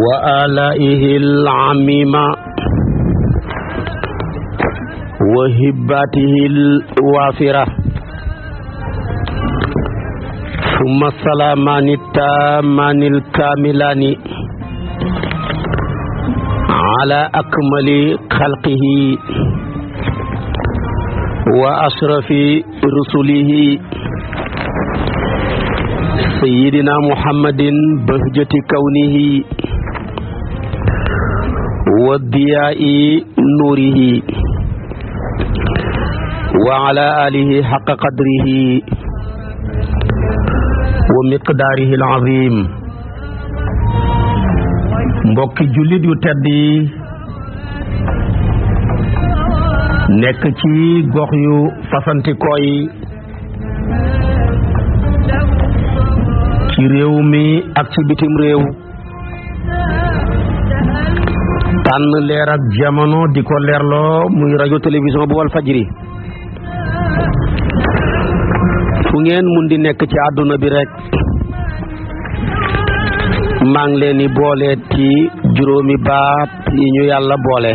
وآلائه العميمة وهباته الوافرة ثم السلامان التامان الكاملان على أكمل خلقه وأشرف رسله سيدنا محمد بهجة كونه wa diyaa'i nuurihi wa ala alihi qadrihi wa miqdaarihi alazim mbokki jullit yu tedd yi nekk ci gox yu fasantikoo yi ci réew mi ak tànn leer jamono di ko leerloo muy rajo télévision bu wal fajri fu ngeen mun di nekk ci àdduna bi rekk maa ngi leen di boole ci juróomi baat yi ñu yàlla boole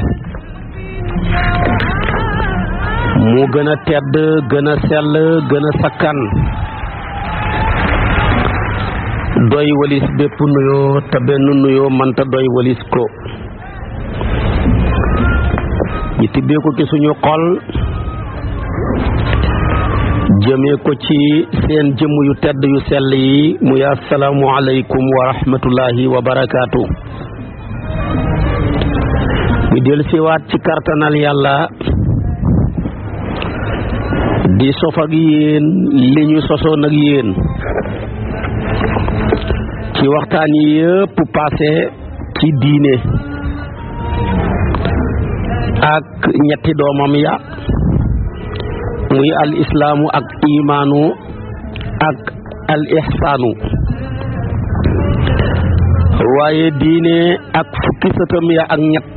mu gën a tedd gën a sell gën a sakkan doy walis bépp nuyoo te benn nuyoo mënta doy walis ko ñu tibbee ko ci suñu xol jëmee ko ci seen jëm yu tedd yu sell yi muy asalaamu aleykum wa rahmatullahi wa barakaatu ñu del ci kartanal yàlla di sof ak yéen li ñu sosoon ak yéen ci waxtaan yi yëpp passé ci diine ak ñetti doomam ya muy al islaamu ak imaanu ak al ihsaanu waaye diine ak fukki sëtam ya ak ñett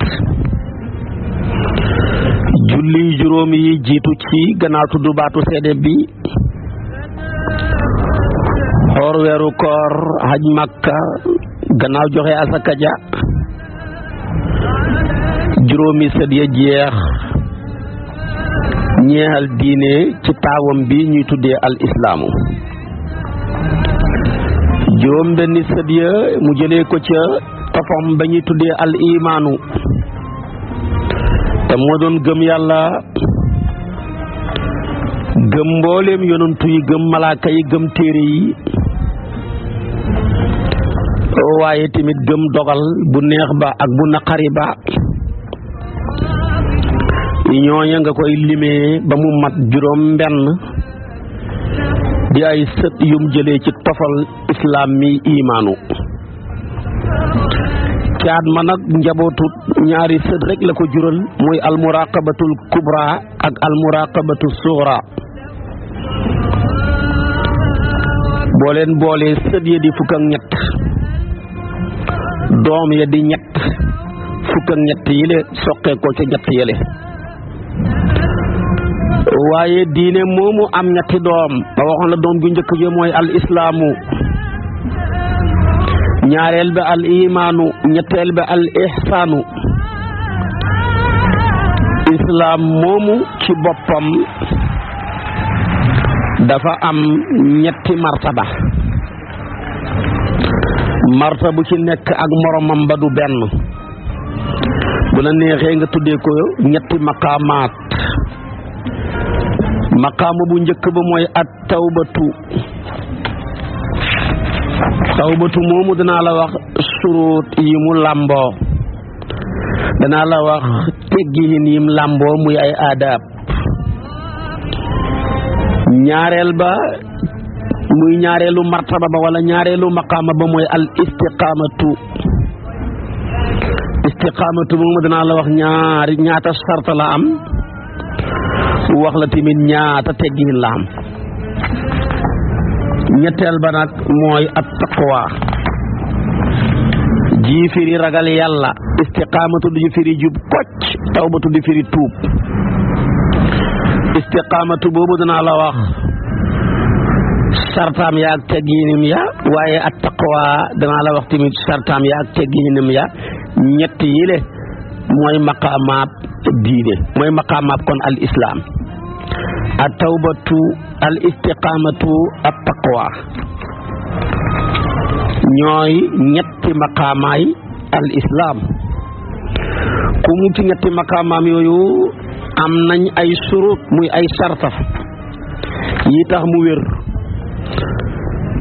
julli juróom yi jiitu ci gannaaw tudd baatu seede bi xoor weeru koor haj makka gannaaw joxe asaka juróomi sët ya jeex ñeexal diine ci taawam bi ñuy tuddee al islaamu juróom benni sët mu jëlee ko ca toppam ba ñuy tuddee al imaanu te moo doon gëm yàlla gëm mbooleem yonantu yi gëm malaaka yi gëm téere yi waaye tamit gëm dogal bu neex ba ak bu naqari ba ñooña nga koy limee ba mu mat juróom benn di ay sët yum jëlee ci tofal islaam mi imaanu caat ma nag njabootu ñaari sët rek la ko jural muy almuraqabatul kubra ak almuraqabatu suxra boo leen boolee sët ya di fukk ak doom ya di ñett fukk ak ñett yile soqee ko ca ñett yile waaye diine moomu am ñetti doom ba la doom gu njëkk ji mooy al islaamu ñaareel ba al imaanu ñetteel ba al ihsaanu islaam moomu ci boppam dafa am ñetti martaba martabu ci nekk ak moromam ba du benn bu la neexee nga tuddee ko ñetti maqaamaat maqaama bu njëkk ba mooy at tawbatu tawbatu moomu danaa la wax suruut yi làmboo danaa la wax tegginin yim làmboo muy ay aadaab ñaareel ba muy ñaareelu martaba ba wala ñaareelu maqaama ba mooy al istiqaamatu istiqaamatu moomu danaa la wax ñaari ñaata sarta la am wax la tamit ñaata teggin la ñetteel ba nag mooy at taqwa ji firi ragal yàlla istiqaamatu di firi jub kocc tawbatu di firi tuub istiqaamatu boobu danaa la wax sartaam yaag tegginim ya waaye at taqwa danaa la wax tamit sartaam yaag tegginim ya ñett yile mooy maqaamaab diine mooy maqaamaab kon al islaam a tawbatu al istiqaamatu at taqwa ñooy ñetti maqaamaay al ku mu ci ñetti maqaamaam yooyu am nañ ay surut muy ay sartaf yi tax mu wér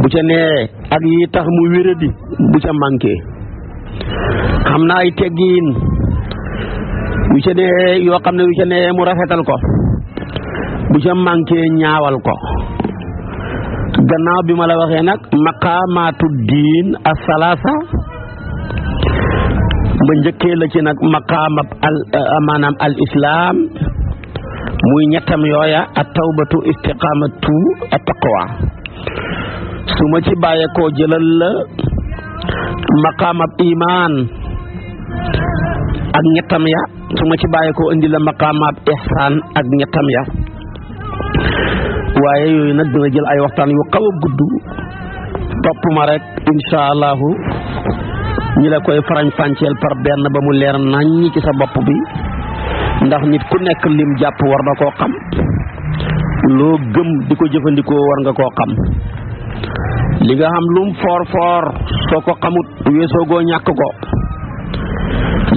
bu ca nee ak yi tax mu wéradi bu ca manqué xam na ay teggiin yu ca ne yoo xam ne yu ca ne mu rafetal ko bu ca manqué ñaawal ko gannaaw bi ma la waxee nag maqaamaatu diin asalaasa ba njëkkee la ci nag maqaamab al euh, maanaam al islaam muy ñettam yooya at tawbatu istiqaamatu at taqwa su ma ci bàyyeekoo jëlal la maqaamab imaan ak ñettam ya su ma ci bàyyi ko indi la maqaamaat ihsaan ak ñettam ya waaye yooyu nag dina jël ay waxtaan yu xaw a gudd topp ma rek insha allahu ñi la koy farañ fànceel par benn ba mu leer nañ ci sa bopp bi ndax nit ku nekk lim jàpp war na koo xam loo gëm di ko jëfandikoo war nga koo xam li nga xam lum foor foor soo ko xamut weesoo goo ñàkk ko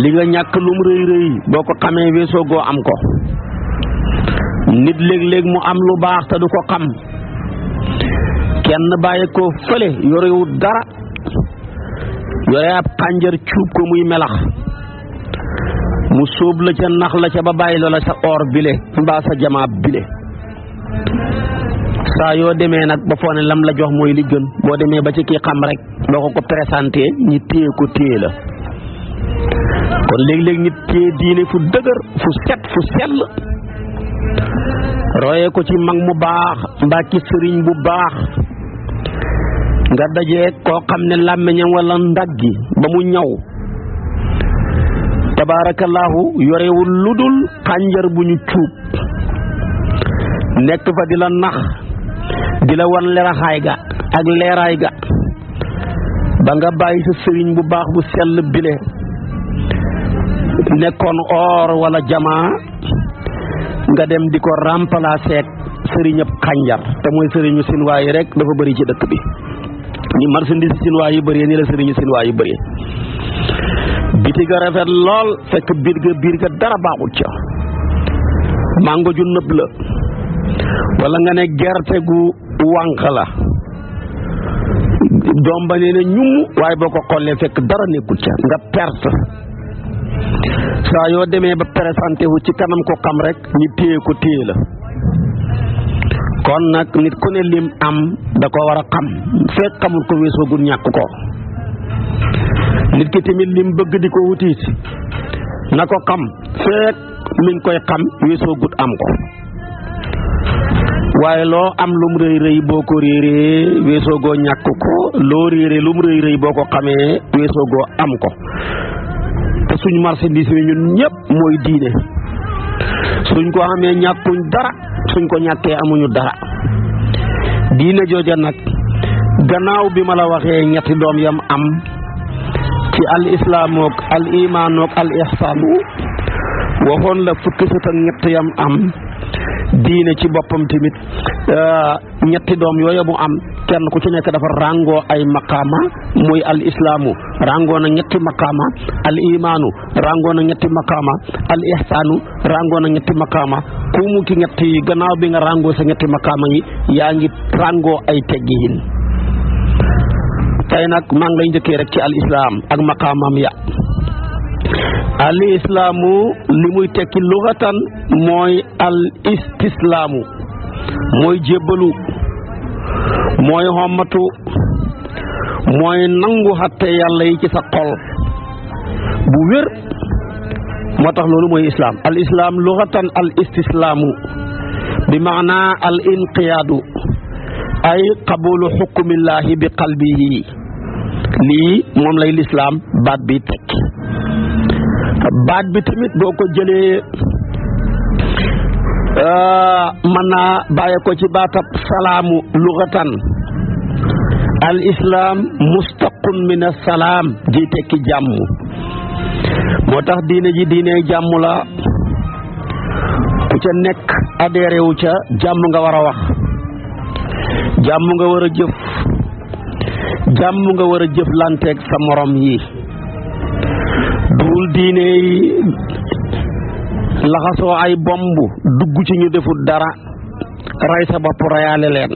li nga ñàkk lum rëy rëy boo ko xamee weesoo goo am ko nit léeg-léeg mu am lu baax te du ko xam kenn bàyyi ko fële yorewut dara yore ab xànjar cuub ko muy melax mu sóob la ca nax la ca ba bàyyi loola ca or bile mbaa sa jamaa bile saa yoo demee nag ba foo lam la jox mooy li gën boo demee ba ci kii xam rek boo ko ko présenté ñi téye ko téye la kon léeg-léeg nit téye diine fu dëgër fu set fu sell royee ko ci mag mu baax mbaa ci sëriñ bu baax nga dajee koo xam ne làmmiñam wala ndaggi ba mu ñaw tabaarakallaahu yorewul lu dul xànjar bu ñu cuub nekk fa di la nax di la wan leraxaay ga ak leeraay ga ba nga bàyyi sa sëriñ bu baax bu sell bilee nekkoon or wala jamaa nga dem di ko remplacer sëriñëb xànjar te mooy sëriñu sinwaa yi rek dafa bari ci dëkk bi ni marchandise sinwaa yi bari ni la sëriñu sinwaa yi bëree biti ga rafet lool fekk biir ga biir ga dara baaxul ca mango ju nëb la wala nga ne gerte gu wànq la doom ba nee na ñum waaye boo ko xollee fekk dara nekkul ca nga perte saa yoo demee ba présenté wu ci kanam ko xam rek ñu téye ko téye la kon nag nit ku ne lim am da ko war a xam fekk xamul ko weesagul ñàkk ko nit ki tamit lim bëgg di ko wutiit na ko xam fekk mi koy xam weesagul am ko waaye loo am lum rëy rëy boo ko réeree weesoogoo ñàkk ko loo réeree lum rëy boo ko xamee weesoogoo am ko te suñ marchandise mi ñun ñëpp mooy diine suñ ko amee ñàkkuñ dara suñ ko ñàkkee amuñu dara diine jooja nag gannaaw bi ma la waxee ñetti doom yam am ci al islaam ak waxoon la fukki sët ak ñett yam am diine ci boppam tamit euh, ñetti doom yooyu mu am kenn ku ci nekk dafa ràngoo ay maqaama muy al islaamu ràngoo na ñetti maqaama al imaanu ràngoo na ñetti maqaama al ihsaanu ràngoo na ñetti maqaama ku mu ñetti gannaaw bi nga ràngoo sa ñetti maqaama yi yaa ngi ràngoo ay teggiin tey nag maa lay njëkkee rek ci al islaam ak maqaamam ya al islaamu li muy tekki luxatan mooy al istislaamu mooy jébbalu mooy xommatu mooy nangu xatte yàlla yi ci sa xol bu wér moo tax loolu mooy islaam al islaam luxatan bi maana al inqiyaadu ay qabulu xukmillaahi bi qalbihi lii moom lay lislaam baat bi tekki baat bi tamit boo ko jëlee euh, mën naa bàyyi ko ci baata salaamu lugatan al islam mustaqun min assalaam di tekki jàmm moo tax diine ji diine jàmm la ku ca nekk adhéré wu ca jàmm nga war a wax jàmm nga war a jëf jàmm nga war a jëflanteeg sa morom yi duwul diine yi laxasoo ay bomb dugg ci ñu defut dara rey sa bopp reyaale leen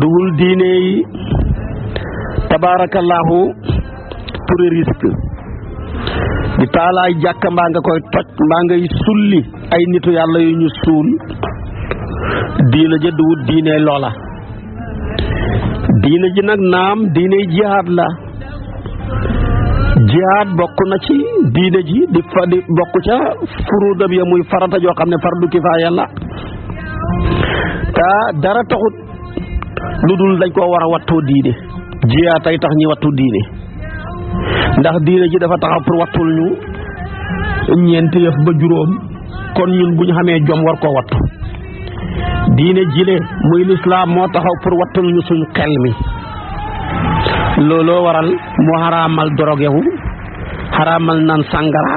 duwul diine yi tabaarakallaahu pour risque di taal ay jàkka mbaa nga koy toj mbaa ngay sulli ay nitu yàlla yu ñu suul diina ja duwul diine loola diina ji nag naam diine jihaad la jihaad bokk na ci diine ji di fa di bokk ca furudam ya muy farata joo xam ne fardu kifaaya la te dara taxut lu dul dañ koo war a wattu diine jihaad tay tax ñi wattu diine ndax diine ji dafa taxaw pour wattul ñu ñeenti yëf ba juróom kon ñun bu ñu xamee jom war koo wattu diine jile muy lislaam moo taxaw pour wattul ñu suñ xel mi looloo waral mu xaraamal dorogewu xaraamal naan sàngara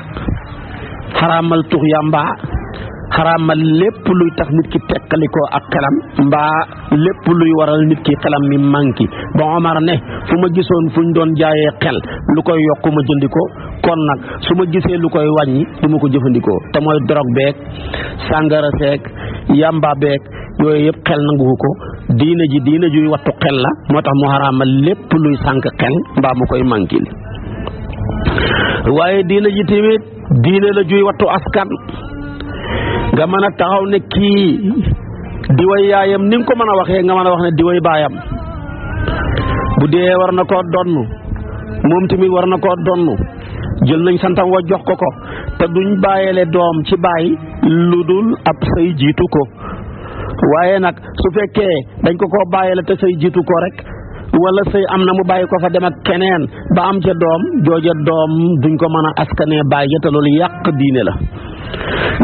xaraamal tux yàmba xaraamal lépp luy tax nit ki tekkalikoo ak xelam mbaa lépp luy waral nit ki xelam mi manki ba Omar ne fu ma gisoon fuñ doon jaayee xel lu koy yokk ma jëndi kon nag su ma gisee lu koy wàññi du ma ko jëfandikoo te mooy dorog beeg sàngara seeg yàmba beeg yooyu yëpp xel nanguwu ko diina ji diina juy wattu xel la moo tax mu xaraamal lépp luy sànq xel mbaa mu koy mànkil waaye diina ji tamit diina la juy wattu askan nga mën a taxaw ne kii diway yaayam ni nga ko mën a waxee nga mën a wax ne diway baayam bu dee war na koo donn moom tamit war na koo donn jël nañ santam wa jox ko ko te duñ bàyyele doom ci baay lu dul ab sëy jiitu ko waaye nag su fekkee dañ ko ko bàyyi la te sëy jiitu ko rek wala sëy am na mu bàyyi ko fa dem ak keneen ba am ca doom jooja doom duñ ko mën a askanee bàyyi te loolu yàq diine la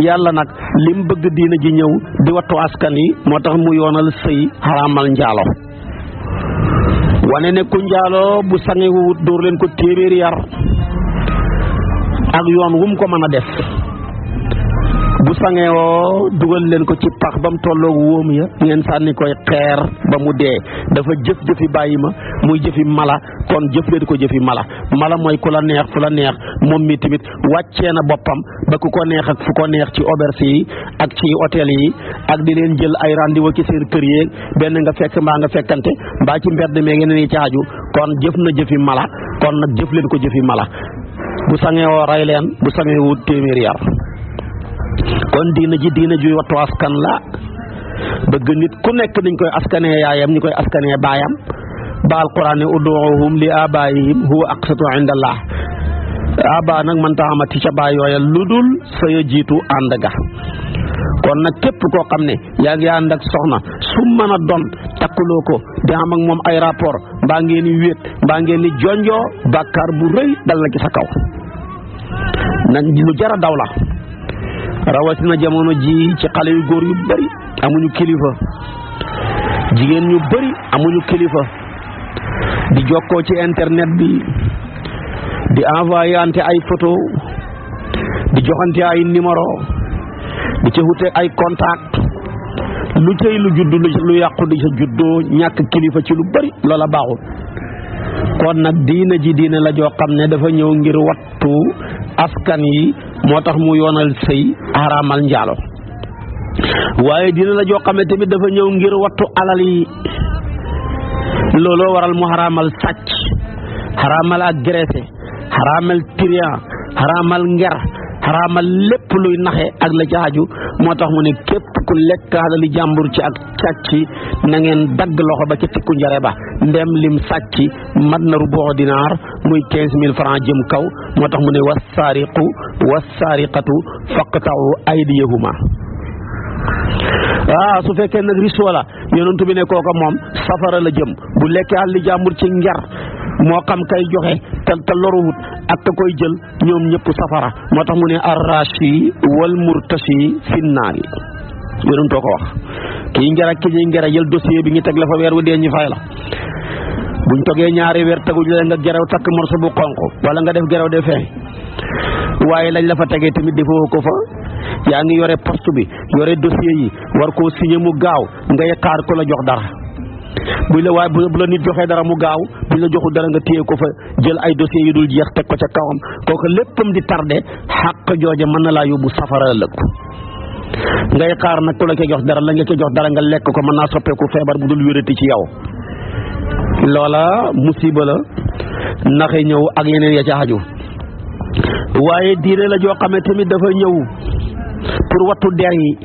yàlla nag lim bëgg diine ji ñëw di wattu askan yi moo tax mu yoonal sëy xaraamal njaalo wane ne ku njaalo bu sangi wut dóor ko téeméeri yar ak yoon wum ko mën a def bu sangeewoo dugal leen ko ci pax ba mu tolloog wóom ya ngeen sànni koy xeer ba mu dee dafa jëf jëfi bàyyi ma muy jëfi mala kon jëf leen ko jëfi mala mala mooy ku neex fu la neex moom mi tamit wàccee na boppam ba ko neex ko neex ci auberge yi ak ci hôtel yi ak di leen jël ay rendez-vous ci seen kër benn nga fekk mbaa nga fekkante mbaa ci mbedd mee ngeen ni caaju kon jëf na jëfi mala kon nag jëf ko jëfi mala bu sangeewoo rey leen bu sangeewut téeméer yar kon diina ji diina juy wattu askan la bëgg nit ku nekk dañ koy askanee yaayam ñu koy askanee baayam ba alquran ne uduuhum li abaayihim huwa aqsatu inda allah aba nag man taa amati ca baay yooya lu dul a jiitu ànd ga kon nag képp koo xam ne yaa ngi ànd ak soxna su mën a doon takkuloo ko di am moom ay rapport mbaa ngeen di wéet mbaa ngeen di jonjoo bàkkaar bu rëy dal na ci sa kaw nag lu jara daw la rawatina jamono ji ci xale yu góor yu bari amuñu kilifa jigéen ñu bari amuñu kilifa di jokkoo ci internet bi di envoyante ay photo di joxante ay numéro di ci wute ay contact lu cëy lu juddu lu yàqu di sa juddoo ñàkk kilifa ci lu bari loola baaxul kon nag diina ji diina la joo xam ne dafa ñëw ngir wattu askan yi moo tax mu yoonal sëy xaraamal njaalo waaye dina la joo xam ne dafa ñëw ngir wattu alal yi looloo waral mu xaraamal sàcc xaraamal agressé xaraamal trian xaraamal nger xaraamal lépp luy naxe ak la jaaju moo tax mu ne képp ku lekk alali jàmbur ci ak càcc na ngeen dagg loxo ba ci tikku njare ba ndem lim sàcc mat na ruboo dinaar muy quinze mille francs jëm kaw moo tax mu ne wassaariqu wassaariqatu faqta'u aydiyahuma waaw ah su fekkee nag risoo la yonentu kooka moom safara la jëm bu lekkee alali jàmbur ci njar moo xam kay joxe te te loruwut ak te koy jël ñoom ñëpp safara moo tax mu ne arrashi wal murtashi finnaari yéen too ko wax kii ngera ki ñuy ngera yël dossier bi ñu teg la fa weer wu dee ñu fay la buñ togee ñaari weer teguñ la nga geraw takk morso bu xonq wala nga def geraw de fee waaye lañ la fa tegee tamit defoo ko fa yaa ngi yore poste bi yore dossier yi war ko signé mu gaaw ngay xaar ko la jox dara buñ bu la nit joxee dara mu gaaw buñ la joxu dara nga téye ko fa jël ay dossiers yu dul jeex teg ko ca kawam kooku léppam di tarde xàq jooja mën na laa yóbbu safara ëllëg ngay xaar nag ku la koy jox dara la nga koy jox dara nga lekk ko mën naa soppeeku feebar bu dul wérati ci yow loola musiba la naxe ñëw ak yeneen ya ci aju waaye diine la joo xamee tamit dafa ñëw pour wattu der yi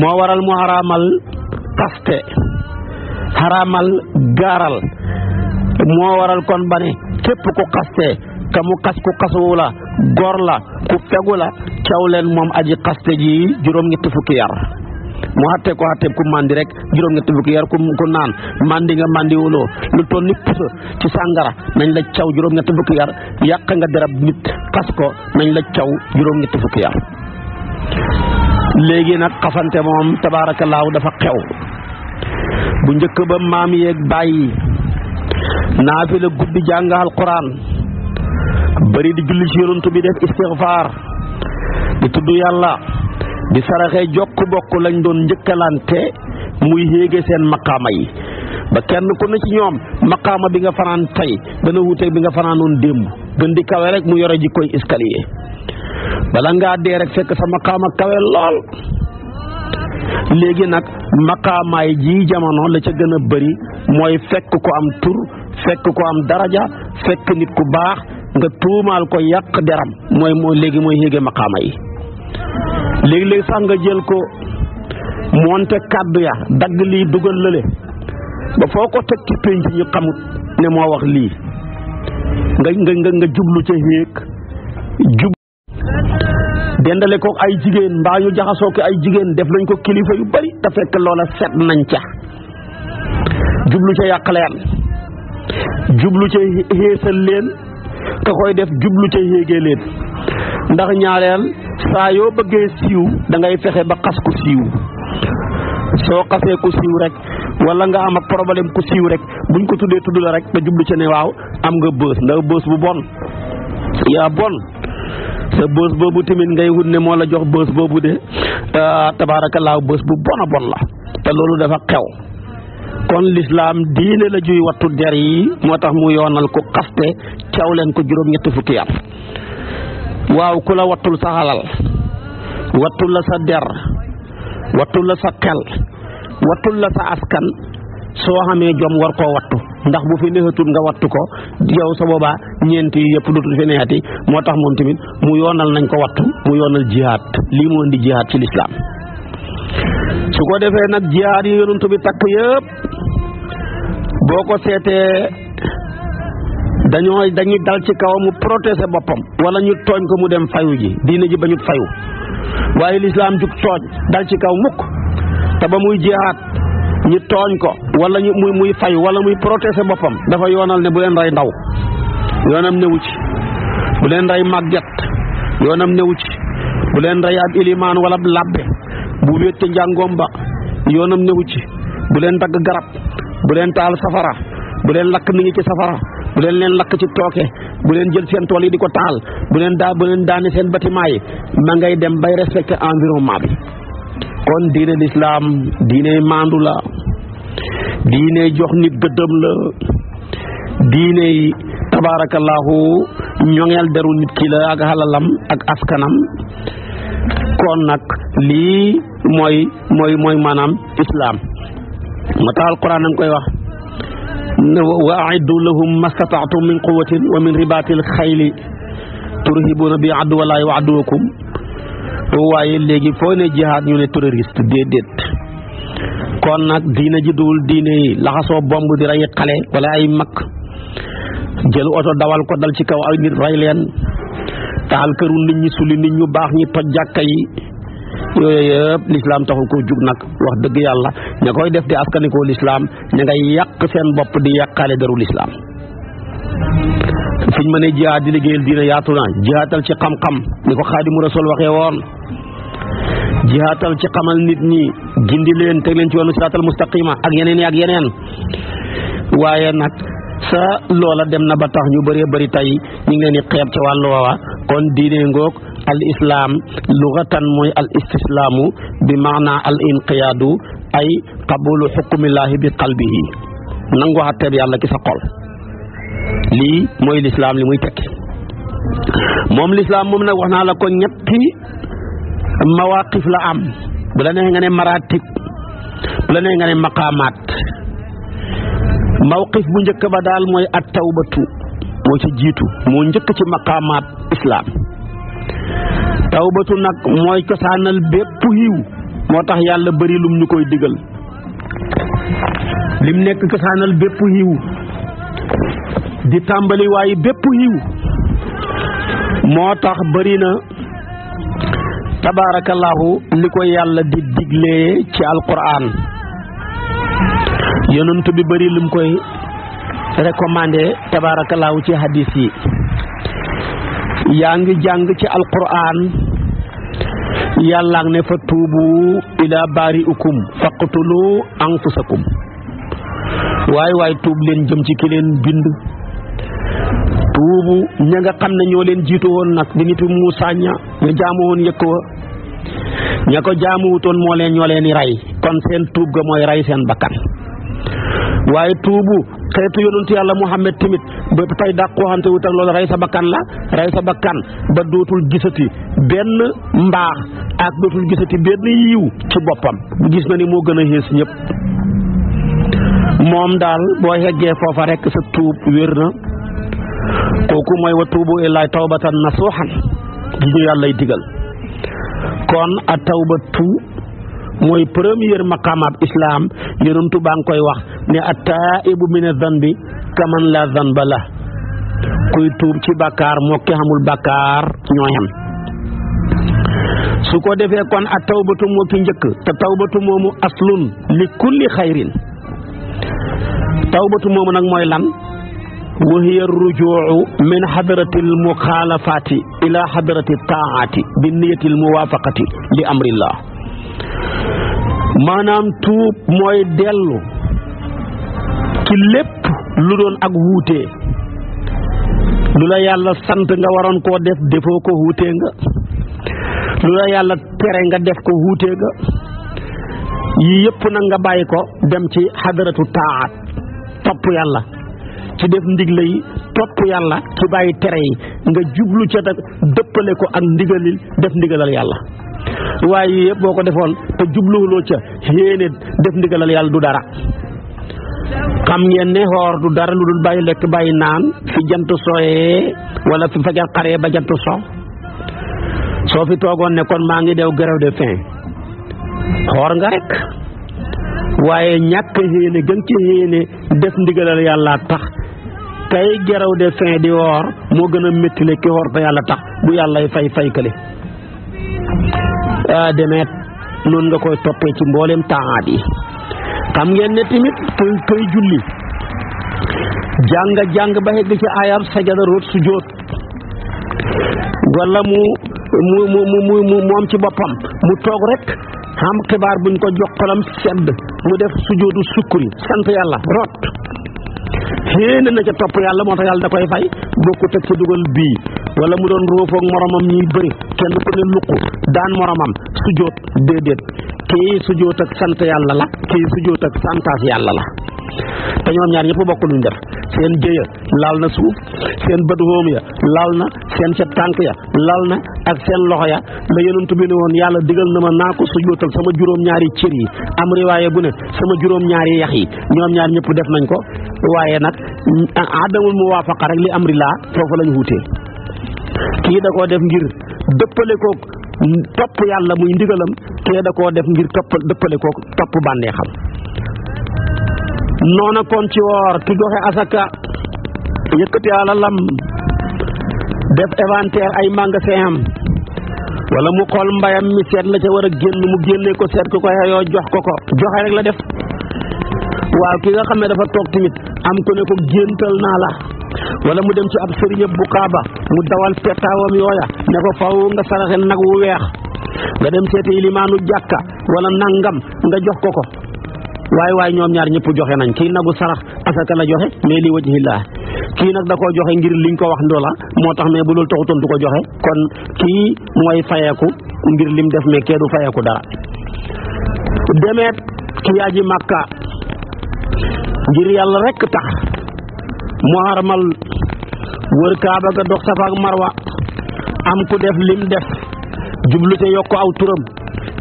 moo waral mu xaraamal kaste xaraamal gaaral moo waral kon ba ne képp ku xaste ka mu ku xasuwu la gor la ku fegu caw leen moom aji xaste ji juróom-ñetti fukki yar mu xatte ko xatte ku màndi rek juróom-ñetti fukki yar ku naan mandi nga mandi wuloo lu toll ni puso ci sàngara nañ la caw juróom-ñetti fukki yar yàq nga derab nit xas ko nañ la caw juróom-ñetti fukki yar léegi nag xasante moom tabaarakallaahu dafa xew bu njëkk ba maam yeeg bàyyi naafila guddi jàng alquran bari di julli ci yonent bi def istixfaar di tudd yàlla di saraxe jokk bokk lañ doon njëkkalante muy yéege seen maqaama yi ba kenn ku ne ci ñoom maqaama bi nga fanaan tey dana wuuteeg bi nga fanaanoon démb gën di kawe rek mu yore jikkoy escalier bala ngaa dee rek fekk sa maqaama kawe lool léegi nag maqaamaay ji jamono la ca gën a bëri mooy fekk ko am tur fekk ko am daraja fekk nit ku baax nga tuumaal ko yàq deram mooy mooy léegi mooy yéege maqaama léegi-léegi sax nga jël ko moonte kàddu ya dagg lii dugal lële ba foo ko teg ci pénc ñu xamut ne moo wax lii nga nga nga jublu ca héeg dendale ko ay jigéen mbaa ñu jaxasoo ko ay jigéen def nañ ko kilifa yu bari te fekk loola set nañ ca jublu ca yàq leen jublu ci xéesal leen ka koy def jublu ca yéegee ndax ñaareel saa yoo bëggee siiw dangay ngay fexe ba xas ku siiw soo xasee ku siiw rek wala nga am ak problème ku siiw rek buñ ko tuddee tudd la rek nga jublu ci ne waaw am nga bës ndax bës bu bon yaa bon sa bës boobu tamit ngay wut ne moo la jox bës boobu de ah, tabaarakallaahu bës bu bon a bon la te loolu dafa xew kon lislaam diine la juy wattu der yi moo tax mu yoonal ko xaste caw leen ko juróom-ñetti fukki at waaw ku la wattul sa xalal wattul la sa der wattu la sa xel wattul la sa askan soo xamee jom war koo wattu ndax bu fi neexatul nga wattu ko yow sa boobaa ñeenti yëpp dootul fi neexati moo tax moom tamit mu yoonal nañ ko wattu mu yoonal jihaat lii moo indi jihaat ci lislaam su ko defee nag jihaat yi yonent bi takk yëpp boo ko seetee dañoo dañuy dal ci kaw mu protéger boppam wala ñu tooñ ko mu dem fayu ji diine ji bañut fayu waaye lislaam jug tooñ dal ci kaw mukk te ba muy jihaat ñu tooñ ko wala ñu muy muy fay wala muy protéger boppam dafa yoonal ne bu leen rey ndaw yoonam newu ci bu leen rey màgget yoonam newu ci bu leen rey ab ilimaan wala labbe bu wéet ca njàngoom ba yoonam newu ci bu leen dagg garab bu leen taal safara bu leen lakk nit ñi ci safara bu leen leen lakk ci tooke bu leen jël seen tool yi di ko taal bu leen daa bu leen daane seen bâtiment yi ma ngay dem bay respecté environnement bi kon diine lislaam diine maandu la jox nit gëddëm la diine tabaarakallaahu ñoŋeel deru nit ki la ak xalalam ak askanam kon nag lii mooy mooy mooy maanaam islaam ma tax alquran ang koy wax wa aiddu lahum mastataatum min quwatin wa min ribatil xayli turhibuuna bi aduwallaahi wa aduwakum waaye léegi foo ne jihaad ñu ne terroriste déedéet kon nag diina ji duwul diine yi laxasoo bomb di rey xale wala ay mag jël oto dawal ko dal ci kaw ay nit rey leen taxal këru nit ñi suli nit ñu baax ñu toj jàkka yi yooyu yëpp lislaam taxul ko jug nag wax dëgg yàlla ña koy def di askanikoo lislaam ña ngay yàq seen bopp di yàqaale daru lislaam fiñ mën a jihaad di liggéeyal diina yaatu na jihaatal ci xam-xam ni ko xaadimu rasul waxee woon jihaatal ci xamal nit ñi gindi leen teg leen ci yoonu siraatal mustaqima ak yeneen yi ak yeneen waaye nag sa loola dem na ba tax ñu bëree bari tey ñu leen di xeeb ca wàllu woowa kon diine ngoog al islaam lugatan mooy al istislaamu bi maana al inqiyaadu ay qabulu xukumillahi bi qalbihi nangu waxateeb yàlla ki sa xol lii mooy lislaam li muy tekki moom lislaam moom nag wax naa la ko ñetti mawaqif la am bu la neexee nga ne maratib bu la neexee nga ne maqaamaat mawqif bu njëkk ba daal mooy at tawbatu moo ci jiitu moo njëkk ci maqaamaat islaam tawbatu nag mooy cosaanal bépp yiw moo tax yàlla bëri lum ñu koy digal lim nekk cosaanal bépp yiw di tàmbali waaye bépp yiw moo tax bëri na tabaarakallaahu li ko yàlla di diglee ci alquran yonent bi bëri lim koy recommandé tabaarakallaahu ci hadis yi yaa ngi jàng ci alquran yàlla ne fa tuubu ila baari ukum faqtulu anfusakum waay waay tuub leen jëm ci ki leen bind tuubu ña nga xam ne ñoo leen jiitu woon nag di nitu Muusaa ña ñu jaamu woon yëkk wa ña ko jaamuwutoon moo leen ñoo leen di rey kon seen tuub ga mooy rey seen bakkan waaye tuubu xeetu yonentu yàlla Muhammad tamit ba tey dàq waxante wut loolu rey sa bakkan la rey sa bakkan ba dootul gisati benn mbaax ak dootul gisati benn yiw ci boppam gis na ni moo gën a xees ñëpp moom daal boo xeggee foofa rek sa tuub wér na kooku mooy wa tuubu ilaa tawbatan nasuuxan di ñu yàllay digal kon a tawbatu mooy premier maqaamaab islaam yonentu baa ngi koy wax ne a taibu min zanbi kaman la zanba la kuy tuub ci bàkkaar moo ki xamul bàkkaar ñoo su ko defee kon a tawbatu moo ki njëkk te tawbatu moomu aslun li kulli xayrin tawbatu moomu nag mooy lan wa hiya rujuu min xadrati almuxaalafati ila xadrati taati bi niyati almuwaafaqati li amrillah maanaam tuub mooy dellu ci lépp lu doon ak wuute lu la yàlla sant nga waroon koo def defoo ko wuute nga lu la yàlla tere nga def ko wuute nga yii yëpp nag nga bàyyi ko dem ci xadratu taat topp yàlla ci def ndigle yi topp yàlla ci bàyyi tere yi nga jublu ca dëppale ko ak ndigalil def ndigalal yàlla waaye yëpp boo ko defoon te jubluwuloo ca yéene def ndigalal yàlla du dara xam ngeen ne xoor du dara lu dul bàyyi lekk bàyyi naan fi jant sooyee wala fi fajar xaree ba jant so soo fi toogoon ne kon maa ngi dew grève de faim xoor nga rek waaye ñàkk yéene gën ci yéene ndigalal yàlla tax kay geraw de fin di woor moo gën a métti le ki woor te yàlla tax bu yàllay fay faykale ah demeet noonu nga koy toppee ci mbooleem taaat yi xam ngeen ne tamit koy koy julli jàng jàng ba yegg ci ayam sajada root su jóot wala mu mu mu mu mu moom ci boppam mu toog rek am xibaar buñ ko jox xolam sedd mu def sujoodu sukkuri sant yàlla rot xéene na ca topp yàlla moo tax yàlla da koy fay bokku teg fa dugal bii wala mu doon róofoog moromam ñuy bëri kenn ku ne luqu daan moromam sujoot déedéet kii sujoot ak sant yàlla la kii sujoot ak santaas yàlla la te ñoom ñaar ñëpp bokk luñ def seen jëya laal na suuf seen bët wóom ya laal na seen ca tànk ya laal na ak seen loxo ya la yonent bi ne woon yàlla digal na ma naa ko sujjóotal sama juróom-ñaari cër yi am riwaaye bu ne sama juróom-ñaari yax yi ñoom ñaar ñëpp def nañ ko waaye nag adamul muwaafaqa rek li amri laa foofu lañ wuutee kii da koo def ngir dëppale koog topp yàlla muy ndigalam kee da koo def ngir topp dëppale koog topp bànneexam noona kon ci woor ki joxe asaka yëkkati alalam def inventaire ay magasin am wala mu xool mbayam mi seet la ca war a génn mu génne ko seet ko ko yoo jox ko ko joxe rek la def waaw ki nga xam ne dafa toog tamit am ku ne ko géntal naa la wala mu dem ci ab sëriñëb bu kaaba mu dawal pettaawam yooya ne ko faw nga saraxe nag wu weex nga dem seeti limaanu jàkka wala nangam nga jox ko ko waaye waaye ñoom ñaar ñëpp joxe nañ kii nagu sarax asaka la joxe mais li wajhillah kii nag da joxe ngir liñ ko wax ndoola moo tax mais bu loolu taxutoon du ko joxe kon kii mooy fayeeku ngir lim def mais kee fayeeku dara demeet ki aji màkka ngir yàlla rekk tax mu harmal wër kaaba ga dox safa marwa am ku def lim def jublu te yokk aw turam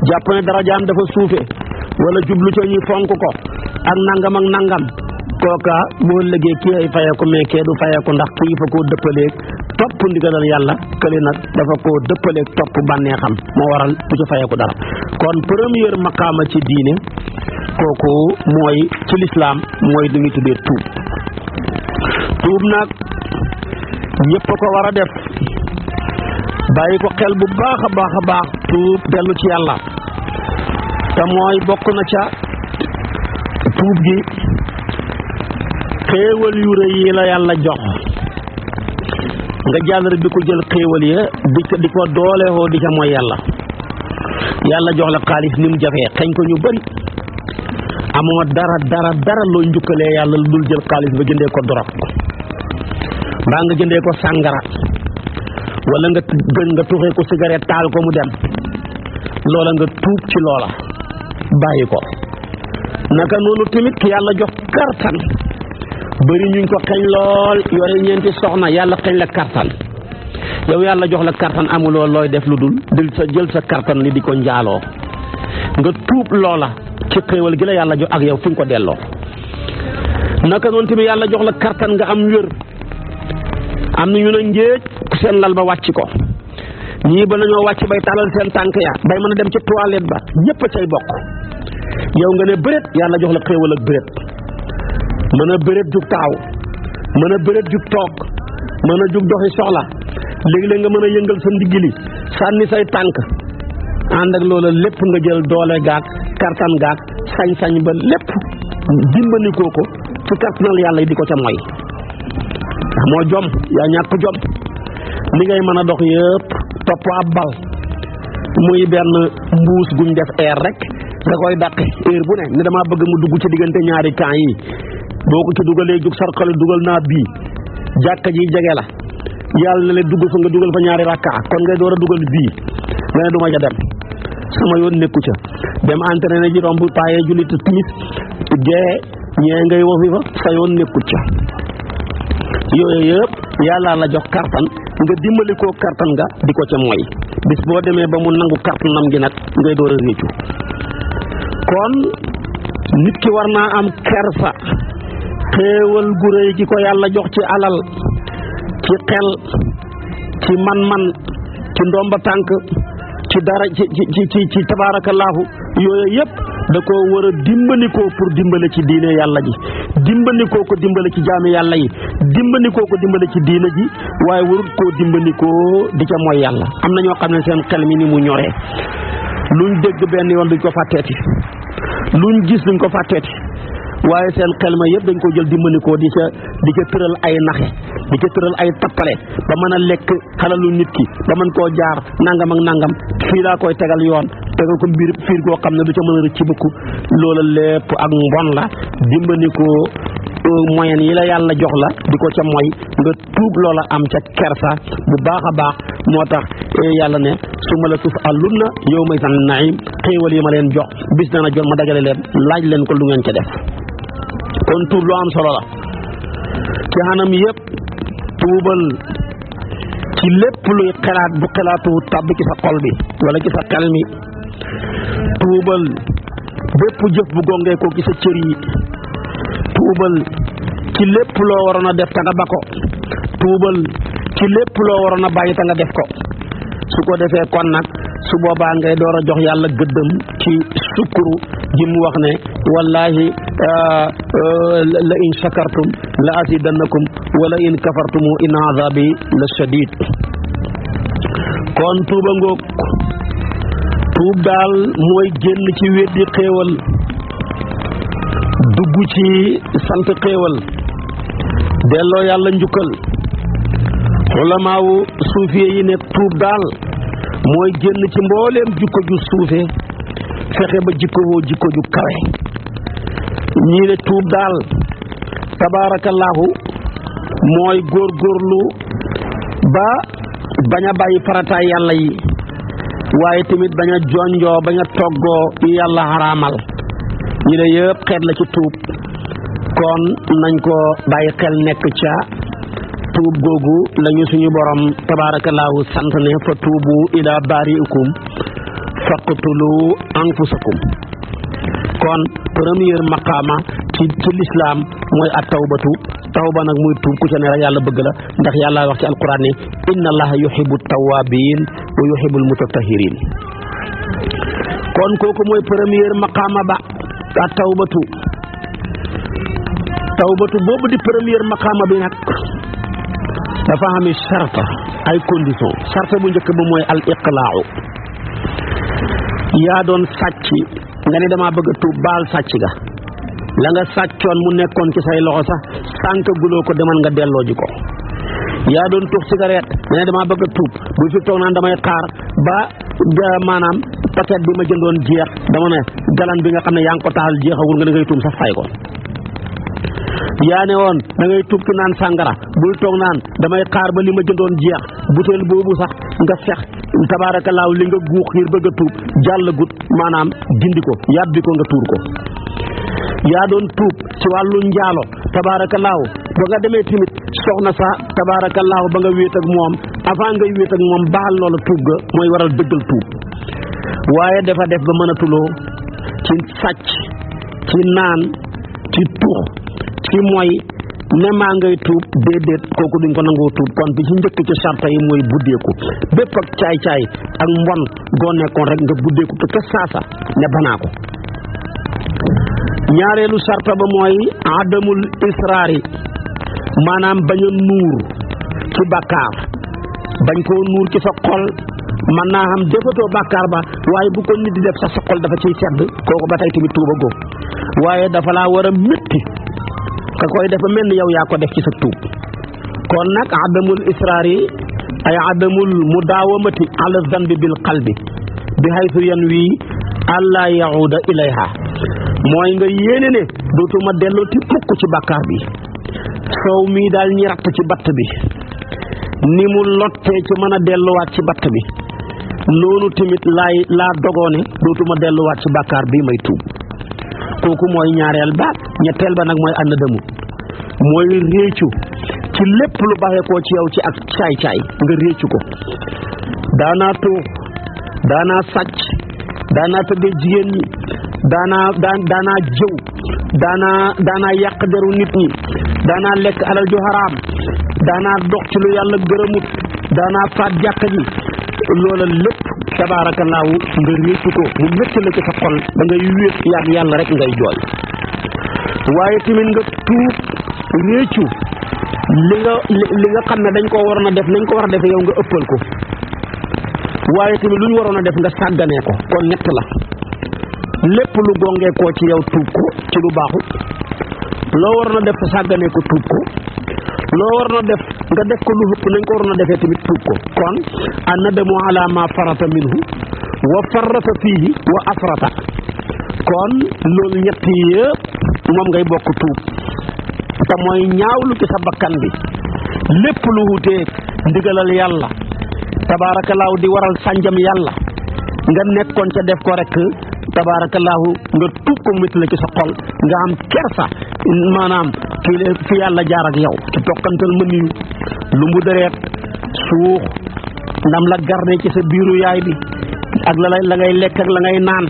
jàpp ne darajaam dafa suufe wala jublu ca ñu fonk ko ak nangam ak nangam kooka boo lëggee kii ay fayeeku mais kee du fayeeku ndax kii fa koo dëppaleeg topp ndigalal yàlla kële nag dafa ko dëppaleeg topp bànneexam moo waral du ci fayeeku dara kon première maqaama ci diine kooku mooy ci lislaam mooy li ñu tuub tuub nag ñëpp ko war a def bàyyi ko xel bu baax a baax a baax tuub dellu ci yàlla te mooy bokk na ca tuub gi xéewal yu rëy yi la yàlla jox nga jàllar bi ko jël xéewal ya di ko di ko doolewoo di ca mooy yàlla yàlla jox la xaalis ni mu jafee xañ ko ñu bari amoo dara dara dara loo njukkalee yàlla lu dul jël xaalis ba jëndee ko dorog mbaa nga jëndee ko sàngara wala nga nga tuxee ko cigarette taal ko mu dem loola nga tuub ci loola bàyyi ko naka noonu tamit ki yàlla jox kartan bëri ñuñ ko xeñ lool yore ñeenti soxna yàlla xeñ la kartan yow yàlla jox la kartan amuloo looy def lu dul sa jël sa kartan li di ko njaaloo nga tuub loola ci xéewal yàlla jox ak yow fi nga ko delloo naka noonu tamit yàlla jox la kartan nga am wér am na ñu ne njéej seen lal ba wàcc ko ñii ba nañoo wàcc bay taalal seen tànk ya bay mën a dem ci toilette ba ñépp a cay bokk yow nga ne bëreet yàlla jox la xéewal ak bëreet mën a bëreet jug taxaw mën a bëreet jug toog mën a jug doxi soxla léegi-léeg nga mën a yëngal sa ndigg li sànni say tànk ànd ak loola lépp nga jël doole gaag kartan gaag sañ-sañ ba lépp dimbandikoo ko ci kartanal yàlla di ko ca mooy moo jom yaa ñàkk jom li ngay mën a dox yëpp topp ab bal muy benn mbuus guñ def air rek da koy dàq heure bu ne ne damaa bëgg mu dugg ci diggante ñaari camp yi boo ko ci dugalee jug sarxal dugal naa bii jàkka ji jege la yàlla na la dugg fa nga dugal fa ñaari rakka kon ngay door a dugal bii nga ne du ma dem sama yoon nekku ca dem na ji bu paaye jullit timit gee ñee ngay wafi fa sa yoon nekku ca yooyu yëpp yàlla la jox kartan nga dimbali koo kartan nga di ko ca moy bis boo demee ba mu nangu kartanam gi nag ngay door a kon nit ki war naa am kersa xéewal gu réy gi ko yàlla jox ci alal ci xel ci man-man ci ndomba tànk ci dara ci ci ci ci tabaarakallaahu yooyu yëpp da ko war a dimbanikoo pour dimbale ci diine yàlla ji dimbanikoo ko dimbale ci jaami yàlla yi dimbanikoo ko dimbale ci diine ji waaye warut koo dimbanikoo di ca mooy yàlla am na ñoo xam ne seen xel mi ni mu ñoree luñ dégg benn yoon duñ ko fàtteeti luñ gis duñ ko fàtteeti waaye seen xel ma yëpp dañ ko jël dimbali ko di ca di ca tëral ay naxe di ca tëral ay tappale ba mën a lekk xalalu nit ki ba mën koo jaar nangam ak nangam fii laa koy tegal yoon tegal ko mbir fiir goo xam ne du ca mën a rëcc bukk loola lépp ak mbon la dimbali ko moyen yi la yàlla jox la di ko ca mooy nga tuub loola am ca kersa bu baax a baax moo tax eh, yàlla ne su ma la tus àllun na yow may san naim xéewal yi ma leen jox bis dana jot ma dagale leen laaj leen ko lu ngeen ca def kon tuub loo am solo la ci xanam yëpp tuubal ci lépp luy xalaat bu xalaatu tàbb ci sa xol bi wala ci a xel mi tuubal bépp jëf bu gongee ko ci sa cër yi tuubal ci lépp loo waroon a def ta nga ba tuubal ci lépp loo waroon a bàyyi nga def ko su ko defee kon nag su boobaa ngay door a jox yàlla gëddëm ci sukkuru ji mu wax ne wallahi la in shakartum la azidannakum wala in kafartumu in azabi la shadid kon tuuba ngoog tuub daal mooy génn ci weddi xéewal dugg ci sant xéewal delloo yàlla njukkal xulamaawu suufiye yi ne tuub daal mooy génn ci mbooleem jikko ju suufe fexe ba jikko woo jikko ju kawe ñii ne tuub daal tabaarakallaahu mooy góorgóorlu ba bañ a bàyyi farataay yàlla yi waaye tamit bañ a jonjoo bañ a toggoo yàlla xaraamal ñu ne yëpp xeet la ci tuub kon nañ ko bàyyi xel nekk ca tuub googu lañu suñu borom tabaarakallaahu sant ne fa tuubu ila baariikum faqtulu anfusakum kon premier maqaama ci ci lislaam mooy at tawbatu tawba nag muy tuub ku ca ne rek yàlla bëgg la ndax yàlla wax ci alquran ne inna allaha yuhibbu tawabin wa yuhibbu almutatahirin kon kooku mooy premier maqaama ba ak tawbatu tawbatu boobu di première maqaama bi nag dafa amee sarta ay condition sarta bu njëkk ba mooy al iqlaaw yaa doon sàcc nga ne damaa bëgg a tuub baal sàcc ga la nga sàccoon mu nekkoon ci say loxo sax sànq guloo ko demal nga delloo ko yaa doon tuux cigarette nga ne damaa bëgg a tuub bu fi toog naan damay xaar ba maanaam paquet bi ma jëndoon jeex dama ne galan bi nga xam ne yaa ngi ko taal jeexagul nga da ngay sax fay ko yaa ne woon dangay ngay tuub ki naan sàngara bul toog naan damay kaar ba li ma jëndoon jeex butéel boobu sax nga fex tabaarakallaaw li nga guux ngir bëgg a tuub jàll gut maanaam dindi ko yàbbi ko nga tuur ko yaa doon tuub ci wàllu njaalo tabaarakallaaw ba nga demee tamit soxna sa tabaarakallaahu ba nga wéet ak moom avant ngay wéet ak moom baaxal loola tuub mooy waral dëggal tuub waaye dafa def ba mënatuloo ci sàcc ci naan ci tuux ci mooy ne maa ngay tuub déedéet kooku duñ ko nangoo tuub kon bi ci njëkk ci sarta yi mooy buddeeku bépp ak caay-caay ak mbon goo nekkoon rek nga buddeeku te kes saasa ne ko ñaareelu sarta ba mooy adamul israari maanaam bañ a nuur ci bàkkaar bañ koo nuur ci sa man naa am defatoo bàkkaar ba waaye bu ko nit di def sax sa xol dafa ciy sedd kooku ba tey tamit tuuba góob waaye dafa laa war a métti ka koy dafa mel ni yow yaa ko def ci sa tuub kon nag adamul israar yi ay adamul mudaawamati ala zanbi bil qalbi bi haythu yan wii allah yahuda ilayha mooy nga yéene ne dootuma delloo ti ci bàkkaar bi soow mii daal ñi ratt ci batt bi ni mu lottee ci mën a delluwaat ci batt bi noonu tamit laay laa dogoone dootuma delluwaat ci bàkkaar bii may tuub kooku mooy ñaareel ba ñetteel ba nag mooy ànd dëmu mooy réccu ci lépp lu baxe koo ci yow ci ak caay-caay nga réccu ko daanaa tuux daanaa sàcc daanaa tëddee jigéen ñi daanaa daan jëw daanaa daanaa yàq deru nit ñi daanaa lekk alal ju haraam daanaa dox ci lu yàlla gërëmut daanaa faat jàkka ji loola lépp tabaarakallaahu nga réccu ko mu métti la ci sa xol da ngay yàgg yàlla rek ngay jooy waaye tamit nga tuub réccu li nga xam ne dañ koo waroon a def nañ ko war a defee yow nga ëppal ko waaye tamit lu ñu waroon a def nga sàgganee ko kon ñett la lépp lu gongeekoo ci yow tuub ko ci lu baaxut loo waroon a def sàgganee ko tuub ko loo war na def nga def ko lu xëpp nañ ko waroon a defee tamit tuub ko kon a nadamu ala ma farata minhu wa farata fiihi wa afrata kon loolu ñett yëpp moom ngay bokk tuub te mooy ñaawlu ci sa bakkan bi lépp lu wutee ndigalal yàlla tabaarakalaaw di waral sànjam yàlla nga nekkoon ca def ko rek tabaarakallaahu nga tuub ko métti la ci sa xol nga am kersa maanaam fi yàlla jaar ak yow ci tokkantal ma niyu lu mu dëreet suux ndam la garne ci sa biiru yaay bi ak la la ngay lekk ak la ngay naan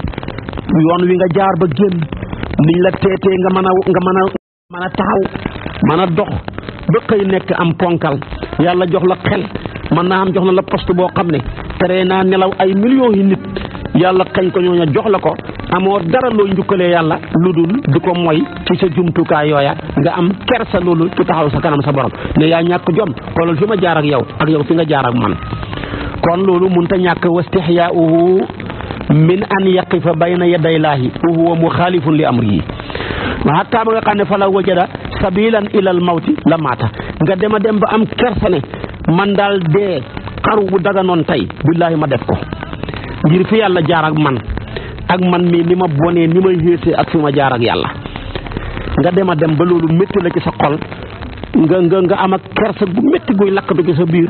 yoon wi nga jaar ba génn niñ la teetee nga mën a nga mën a mën a taxaw mën a dox ba xëy nekk am ponkal yàlla jox la xel mën naa am jox na la poste boo xam ne tere naa nelaw ay millions yi nit yàlla kañ ko ñooña jox la ko amoo dara loo njukkalee yàlla lu dul di ko mooy ci sa jumtukaay yooya nga am kersa loolu ci taxaw sa kanam sa borom ne yaa ñàkk jom xoolal fi ma jaar ak yow ak yow fi nga jaar ak man kon loolu mun munta ñàkk wastihyaa'uhu min an yaqifa bayna yaday laahi wa huwa muxaalifun li amrihi waa ba nga xam ne fa la wajada sabilan ilal mawti la maata nga dema dem ba am kersa ne man daal dee xaru bu daganoon tey billaahi ma def ko ngir fi yàlla jaar ak man ak man mii ni ma bonee ni ma yéesee ak fi jaar ak yàlla nga dem a dem ba loolu metti la ci sa xol nga nga am ak kersa gu métti guy lakkatu ci sa biir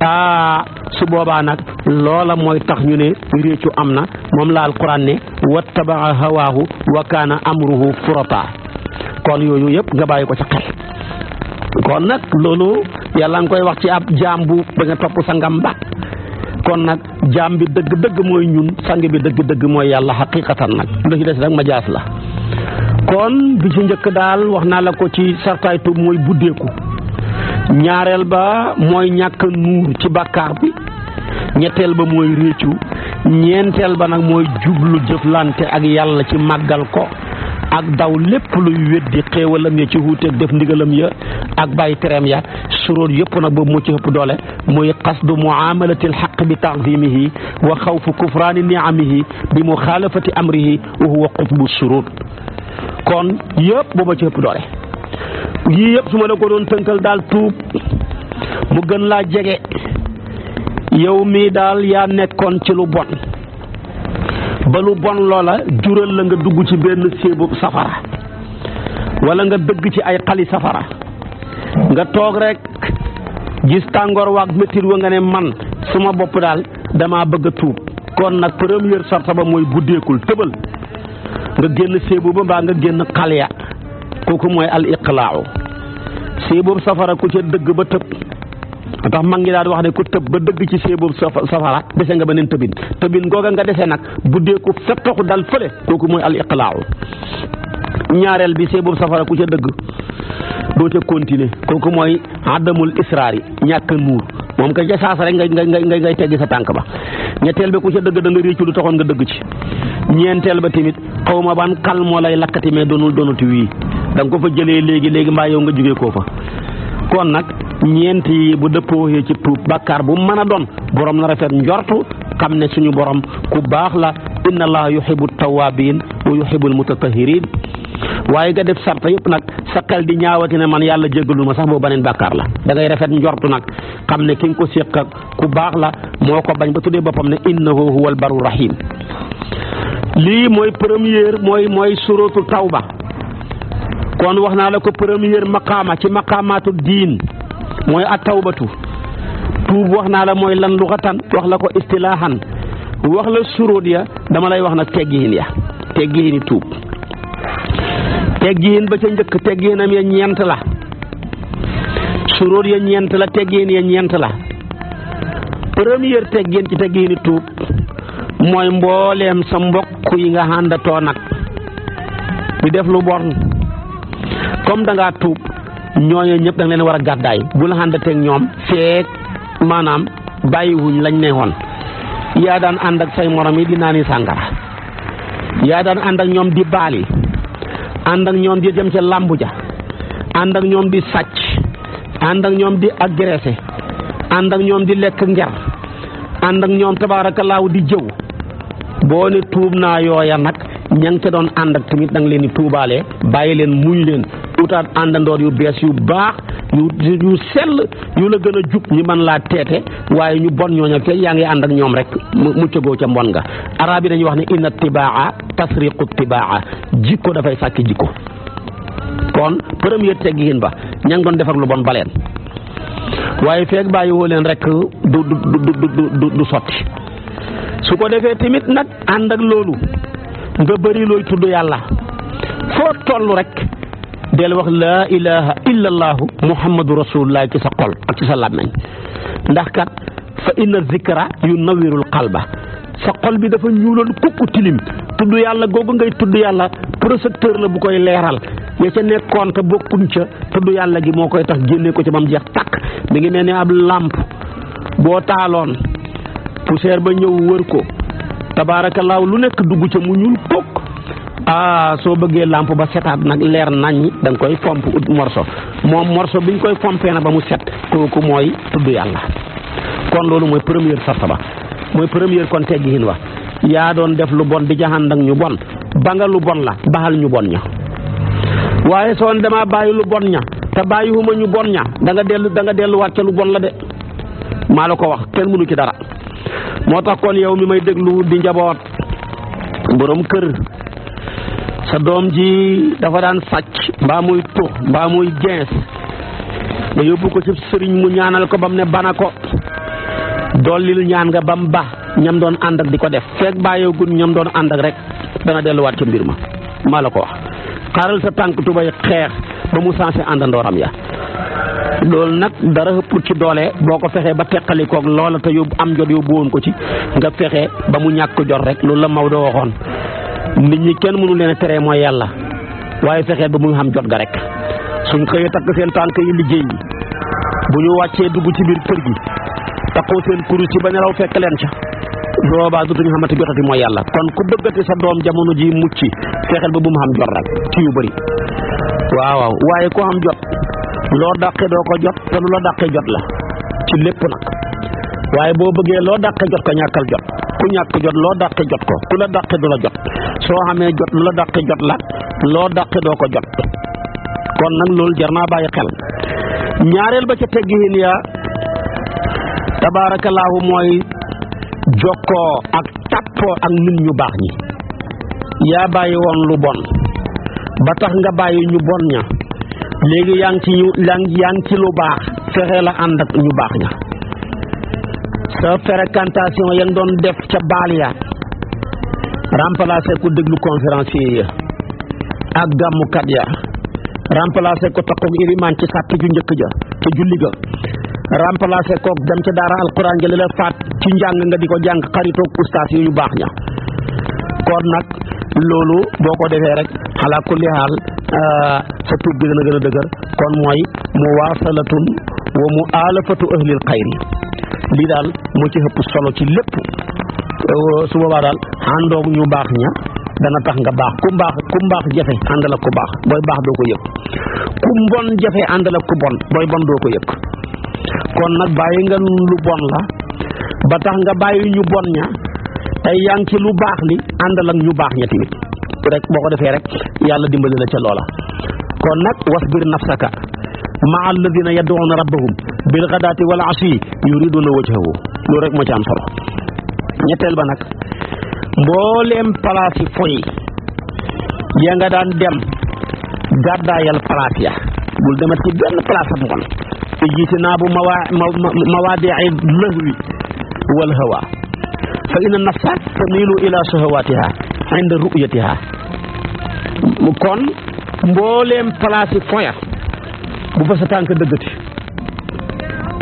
aa ah, su boobaa nag loola mooy tax ñu ne réccu am na moom laal alquran ne wattabaa hawaahu wa kaana amruhu furata kon yooyu yëpp nga bàyyi ko ca xel kon nag loolu yàlla nga koy wax ci ab jaam bu ba nga topp sa ngam ba kon nag jaam bi dëgg-dëgg mooy ñun sang bi dëgg-dëgg mooy yàlla xaqiqatan nag lu ci des nag ma la kon bi ci njëkk daal wax naa la ko ci sartaay tuub mooy buddeeku ñaareel ba mooy ñàkk nuur ci bàkkaar bi ñetteel ba mooy réccu ñeenteel ba nag mooy jublu jëflante ak yàlla ci màggal ko ak daw lépp luy weddi xéewalam ya ci wuuteeg def ndigalam ya ak bàyyi tereem ya suróor yëpp nag boobu moo ci ëpp doole muy qasdu muamalati alxaq bi taadimihi wa xawfu kufraani niamihi bi muxaalafati amrihi wa huwa qutbu suróor kon yëpp boobu ci ëpp doole yii yëpp su ma la ko doon tënkal daal tuub mu gën laa jege yow mii daal yaa nekkoon ci lu bon ba lu bon loola jural la nga dugg ci benn séebu safara wala nga dëgg ci ay xali safara nga toog rekk gis tàngoor waa métit wa nga ne man suma bopp daal dama bëgg a tuub kon nag première sorte ba mooy buddeekul tëbal nga génn séebu ba mbaa nga génn xal ya kooku mooy al iqlaaw séeboobu safara ku ca dëgg ba tëb tax mag ngi daan wax ne ku tëb ba dëgg ci séeboob safara dese nga beneen tëbin tëbin googa nga dese nag bu dee ko fettaxu dal fële kooku mooy al iqlaaw ñaareel bi séeboob safara ku ca dëgg doo ca continuer kooku mooy adamul israar yi ñàkk nuur moom ko ca saas nga ngay ngay ngay ngay teggi sa tànk ba ñetteel ba ku ca dëgg da nga réccu lu taxoon nga dëgg ci ñeenteel ba tamit xaw ma ban kal moo lay lakkati mais doonul doonati wii da nga ko fa jëlee léegi léegi mbaa yow nga jógee koo kon nag ñeent bu dëppoo ci tuub bàkkaar bu mën a doon boroom na rafet njortu xam ne suñu borom ku baax la inna allaha yuhibu tawabin wa yuhibu almutatahirin waaye nga def sarta yëpp nag sa xel di ñaawati ne man yàlla jéggalu sax boo baneen bàkkaar la da ngay rafet njortu nag xam ne ki ko séq ku baax la moo ko bañ ba tuddee boppam ne innahu huwa albaru rahim lii mooy première mooy mooy suratu tawba kon wax naa la ko premier maqaama ci maqaamaatu diin mooy at tawbatu tuub wax naa la mooy lan luxatan wax la ko istilaahan wax la suróot ya dama lay wax nag teggiin ya teggiini tuub teggiin ba ca njëkk teggiinam ya ñeent la suróot ya ñeent la teggiin ya ñeent la première teggiin ci teggiini tuub mooy mbooleem sa mbokk yi nga àndatoon nag di def lu bon comme da ngaa tuub ñooñu ñëpp da leen war a gàddaay bu la àndateeg ñoom feek maanaam bàyyiwuñ lañ ne woon yaa daan ànd ak say morom yi di naani sàngara yaa daan ànd ñoom di baali ànd ak ñoom di dem ca làmbu ja ànd ñoom di sàcc ànd ñoom di agressé ànd ñoom di lekk nger ànd ak ñoom tabaarakallaahu di jëw boo ne tuub naa yooya nag ña nga doon ànd ak tamit danga leen di tuubaale bàyyi leen muñ leen utaat àndandoor yu bees yu baax yu yu sell yu la gën a jub ñu man laa teete waaye ñu bon ñooñu ak yaa ngi ànd ak ñoom rek mu muccagoo ca mbon nga arab yi dañuy wax ne inna tibaa tasriqu tibaa jikko dafay sàkki jikko kon première teggin ba ña ngi doon defar lu bon baleen waaye feeg bàyyi leen rek du du du du du sotti su ko defee tamit nag ànd ak loolu nga bëri looy tudd yàlla foo toll rek del wax laa ilaha illa allahu muhammadu rasulullah ci sa xol ak ci sa làmmeñ ndax kat fa inna zikra yu nawirul qalba sa xol bi dafa ñuuloon kukku tilim tudd yàlla googu ngay tudd yàlla projecteur la bu koy leeral ya ca nekkoon te bokkuñ ca tudd yàlla gi moo koy tax génnee ko ci bam jeex takk mu ngi mel ni ab làmp boo taaloon poussière ba ñëw wër ko tabaarakallaahu lu nekk dugg ca mu ñuul kook ah soo bëggee làmp ba setaat nag leer nañ da koy fomp ut morso moom morso biñ koy fompee na ba mu set kooku mooy tudd yàlla kon loolu mooy première sarta ba mooy première kon teggiin wa yaa doon def lu bon di jaxand nag ñu bon ba nga lu bon la baxal ñu bon ña waaye soo dama bàyyi lu bon ña te bàyyiwuma ñu bon ña da nga dellu da nga delluwaat ca lu bon la de maa la ko wax kenn mënu ci dara moo tax kon yow mi may déglu di njaboot boroom kër sa doom ji dafa daan sàcc mbaa muy tux mbaa muy gens nga yóbbu ko ci sëriñ mu ñaanal ko ba mu ne bana ko dollil ñaan nga ba mu ba ñam doon ànd ak di ko def feeg bàyyeegun ñam doon ànd ak rek dana delluwaat ci mbir ma maa la ko wax xaaral sa tànk tubay xeex ba mu sensé àndandooram ya loolu nag dara ëppul ci doole boo ko fexee ba teqalikoog loola te yóbbu am jot yóbbu woon ko ci nga fexe ba mu ñàkk jot rek loolu la Maodo waxoon nit ñi kenn mënu leen a tere mooy yàlla waaye fexee ba mu xam jot ga rek suñ xëyee takk seen tànk yi liggéey yi bu ñu wàccee dugg ci biir kër gi takkoo seen kurus ci ba nelaw fekk leen ca boobaa dutuñu xamati jotati mooy yàlla kon ku bëggati sa doom jamono ji mucc fexeel ba bu mu xam jot rek ci yu bëri loo dàqe doo ko jot te lu la dàqe jot la ci lépp nag waaye boo bëggee loo dàqe jot ko ñàkkal jot ku ñàkk jot loo dàqe jot ko ku la dàqe du la jot soo xamee jot lu la dàqe jot la loo dàqe doo ko jot kon nag loolu jar naa bàyyi xel ñaareel ba ca teggihin ya tabaarakallaahu mooy ko ak tàppo ak nit ñu baax ñi ya bàyyi woon lu bon ba tax nga bàyyi ñu bon ña léegi yaa ngi ci yaa ci lu baax fexe la ànd ak ñu baax ña sa fréquentation ya doon def ca baal ya remplacé ko déglu conférencier ya ak gàmmukat ya remplacé ko takkoog irimaan ci sàpp ju njëkk ja ca julli ga remplacé koog dem ca daara alquran ja li la faat ci njàng nga di ko jàng xaritoog ustaas yu baax ña kon nag loolu boo ko defee rek xalaa kulli xaal Euh, sa tuub bi dana gën a dëgër kon mooy mu waasalatun wa mu aalafatu ahlil xayri lii daal moo ci ëpp solo ci lépp euh, su boobaa daal àndoog ñu baax ña dana tax nga baax ku mbaax ku mbaax jafe àndal ak ku baax booy baax doo ko yëg ku mbon jafe àndal ak ku bon booy bon doo ko yëg kon nag bàyyi nga lu bon la ba tax nga bàyyi ñu bon ña tey yaa ci lu baax li àndal ak ñu baax ña tamit rek boo ko defee rek yàlla dimbali la ca loola kon nag wasbir nafsaka maa alladina yad'una rabbahum bil ghadaati wal ashi yuriduna wajhahu loolu rek moo ci am solo ba nag mbooleem palaas yi foy ya nga daan dem gàddaayal palaas ya bul demat ci benn palaas ab ngoon te jiite naa bu mawaadi ay ila shahawatiha inda ru'yatiha kon mbooleem place yi foya bu fa sa tànk dëggati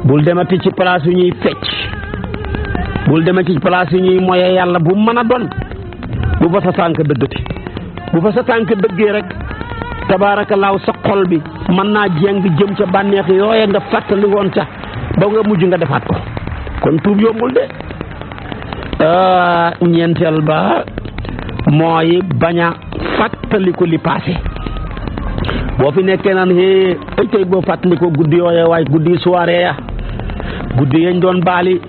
bul demati ci palaas yu ñuy fecc bul demati ci place yu ñuy moye yàlla bu mën a doon bu fa sa tànk dëggati bu fa sa tànk dëggee rek tabaarakallaahu sa xol bi mën naa jéng jëm ca bànneex yooye nga fàttali woon ca ba nga mujj nga defaat ko kon tuub yombul de ñeenteel ba mooy bañ a fàttaliku li passé boo fi nekkee naan hee ay tey boo fàttaliku guddi yooya waaye guddi soirée ya guddi yañ doon baali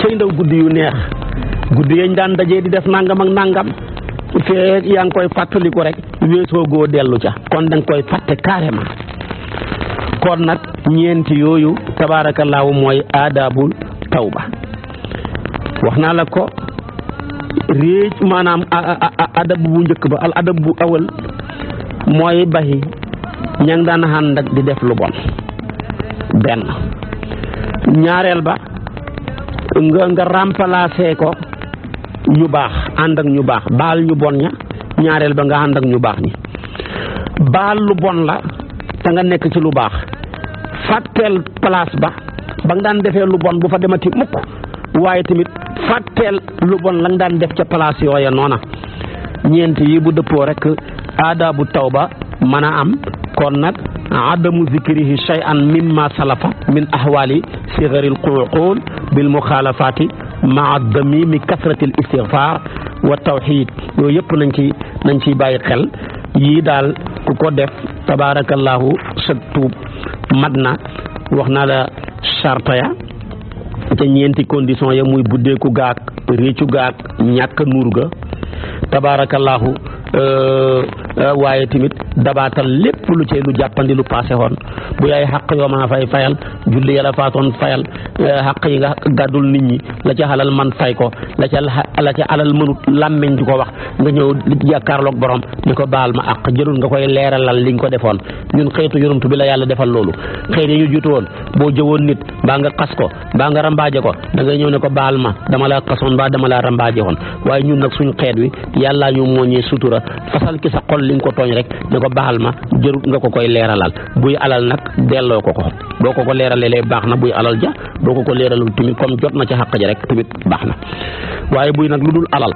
cëy ndaw guddi yu neex guddi yañ daan dajee di def nangam ak nangam fee yaa ngi koy fàttaliku rek weesoo goo dellu ca kon danga koy fàtte carrément kon nag ñeenti yooyu tabaarakallaahu mooy aadaabul tawba wax naa la ko réej maanaam adab bu njëkk ba al adab bu awal mooy baxi ña ngi daan ànd ak di def lu bon benn ñaareel ba nga nga remplacer ko ñu baax ànd ak ñu baax baal ñu bon ña ñaareel ba nga ànd ak ñu baax ñi baal lu bon la te nga nekk ci lu baax fàtteel place ba ba nga daan defee lu bon bu fa demati mukk waaye tamit fàtteel lu bon la daan def ca place yooya noona ñeent yi bu dëppoo rek aadaabu tawba mën a am kon nag adamu zikrihi shay'an mimma salafa min ahwali sigaril quuquul bil muxaalafaati maa damimi kasratil istigfaar wa tawxiid yooyu yëpp nañ ci nañ ciy bàyyi xel yi daal ku ko def tabarakallahu sa tuub mat na wax naa la charta ca ñeenti condition ya muy buddeeku gaak réccu gaak ñàkk nuur ga tabaarakallaahu Euh, euh, waaye tamit dabaatal lépp lu cay lu jàppandi lu paase woon bu yaay xaq yoo ma fay fayal julli yàlla faatoon fayal euh, xaq yi nga gàddul nit ñi la ca xalal man fay ko la ca la ca alal mënut làmmeñ di ko wax nga ñëw jàkkaarloog borom di ko baal ma àq jërul nga koy leeralal liñ ko defoon ñun xëytu yonumtu bi la yàlla defal loolu xëyt yi ñu jutu woon boo jëwoon nit baa nga xas ko baa nga rambaaje ko da ñëw ne ko baal ma dama laa xasoon baa dama la rambaaje woon nga fasal ci sa xol li nga ko tooñ rek ko baal ma jërut nga ko koy leeralal buy alal nag delloo ko ko boo ko ko leeralee lay baax na buy alal ja boo ko ko leeralul tamit comme jot na ci xaq ja rek tamit baax na waaye buy nag lu dul alal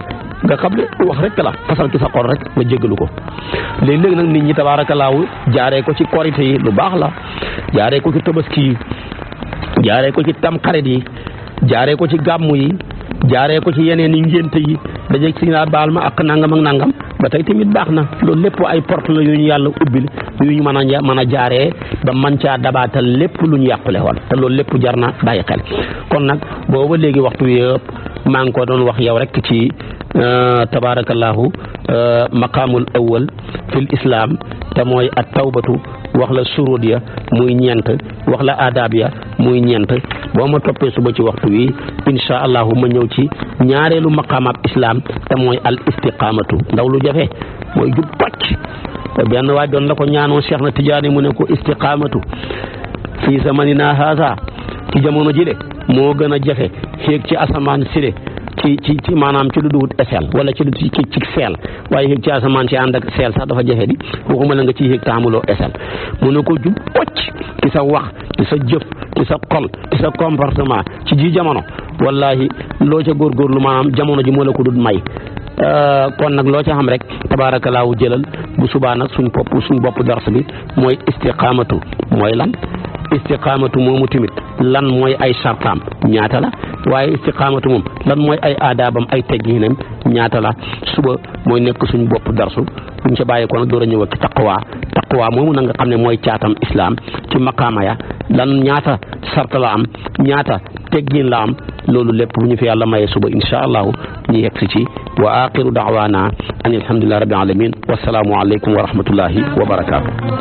nga xam ne wax rek la fasal ci sa xol rek nga jéggalu ko léeg-léeg nag nit ñi tabaarakallaahu jaaree ko ci korite yi lu baax la jaaree ko ci tabaski yi jaaree ko ci tamxarit yi jaaree ko ci gàmmu yi jaaree ko ci yeneen yi ngénte yi dajeeg si naa baal ma ak nangam ak nangam ba tey tamit baax na loolu lépp ay porte la yu ñu yàlla ubbil yu ñu mën a mën a jaaree ba man caa dabaatal lépp lu yàqule woon te loolu lépp jar na bàyyi xel kon nag booba léegi waxtu wi yëpp maa ngi ko doon wax yow rek ci euh, tabaarakallahu euh, maqaamul awwal fil islam te mooy at tawbatu wax la surud ya muy ñent wax la adab ya muy ñent boo ma toppee suba ci waxtu wi insha allahu ma ñëw ci ñaareelu maqaamaab islaam te mooy al istiqamatu ndaw lu jafe mooy jub pàcc benn waa doon la ko ñaanoo Cheikh na Tijaani mu ne ko istiqamatu fii zamanina haza ci jamono ji de moo gën a jafe xéeg ci asamaan si de ci ci ci maanaam ci lu duwut eseel wala ci lu ci ci seel waaye yéeg ci asamaan si ànd ak seel sax dafa jafe di waxuma la nga ciy yéeg taamuloo eseel mun na ko jub pocc ci sa wax ci sa jëf ci sa xol ci sa comportement ci ji jamono wallahi loo ca ma am jamono ji moo la ko du may euh, kon nag loo ca xam rek tabaarakallaahu jëlal bu subaa nag suñ bopp suñ bopp dars bi mooy istiqaamatu mooy lan istiqaamatu moomu tamit lan mooy ay sartaam ñaata la waaye istiqaamatu moom lan mooy ay aadaabam ay tegginam ñaata la suba mooy nekk suñ bopp darsu buñ ca bàyyi ko nag door a ñëw ak taqwa taqwa moomu na nga xam ne mooy caatam islaam ci maqaama ya lan ñaata sarta la am ñaata teggin la am loolu lépp bu ñu fi yàlla mayee suba incha allahu ñu yegg ci wa axiru daawaana an alhamdulillahi rabbil alamin wasalaamu aleykum wa rahmatullahi wa barakaatu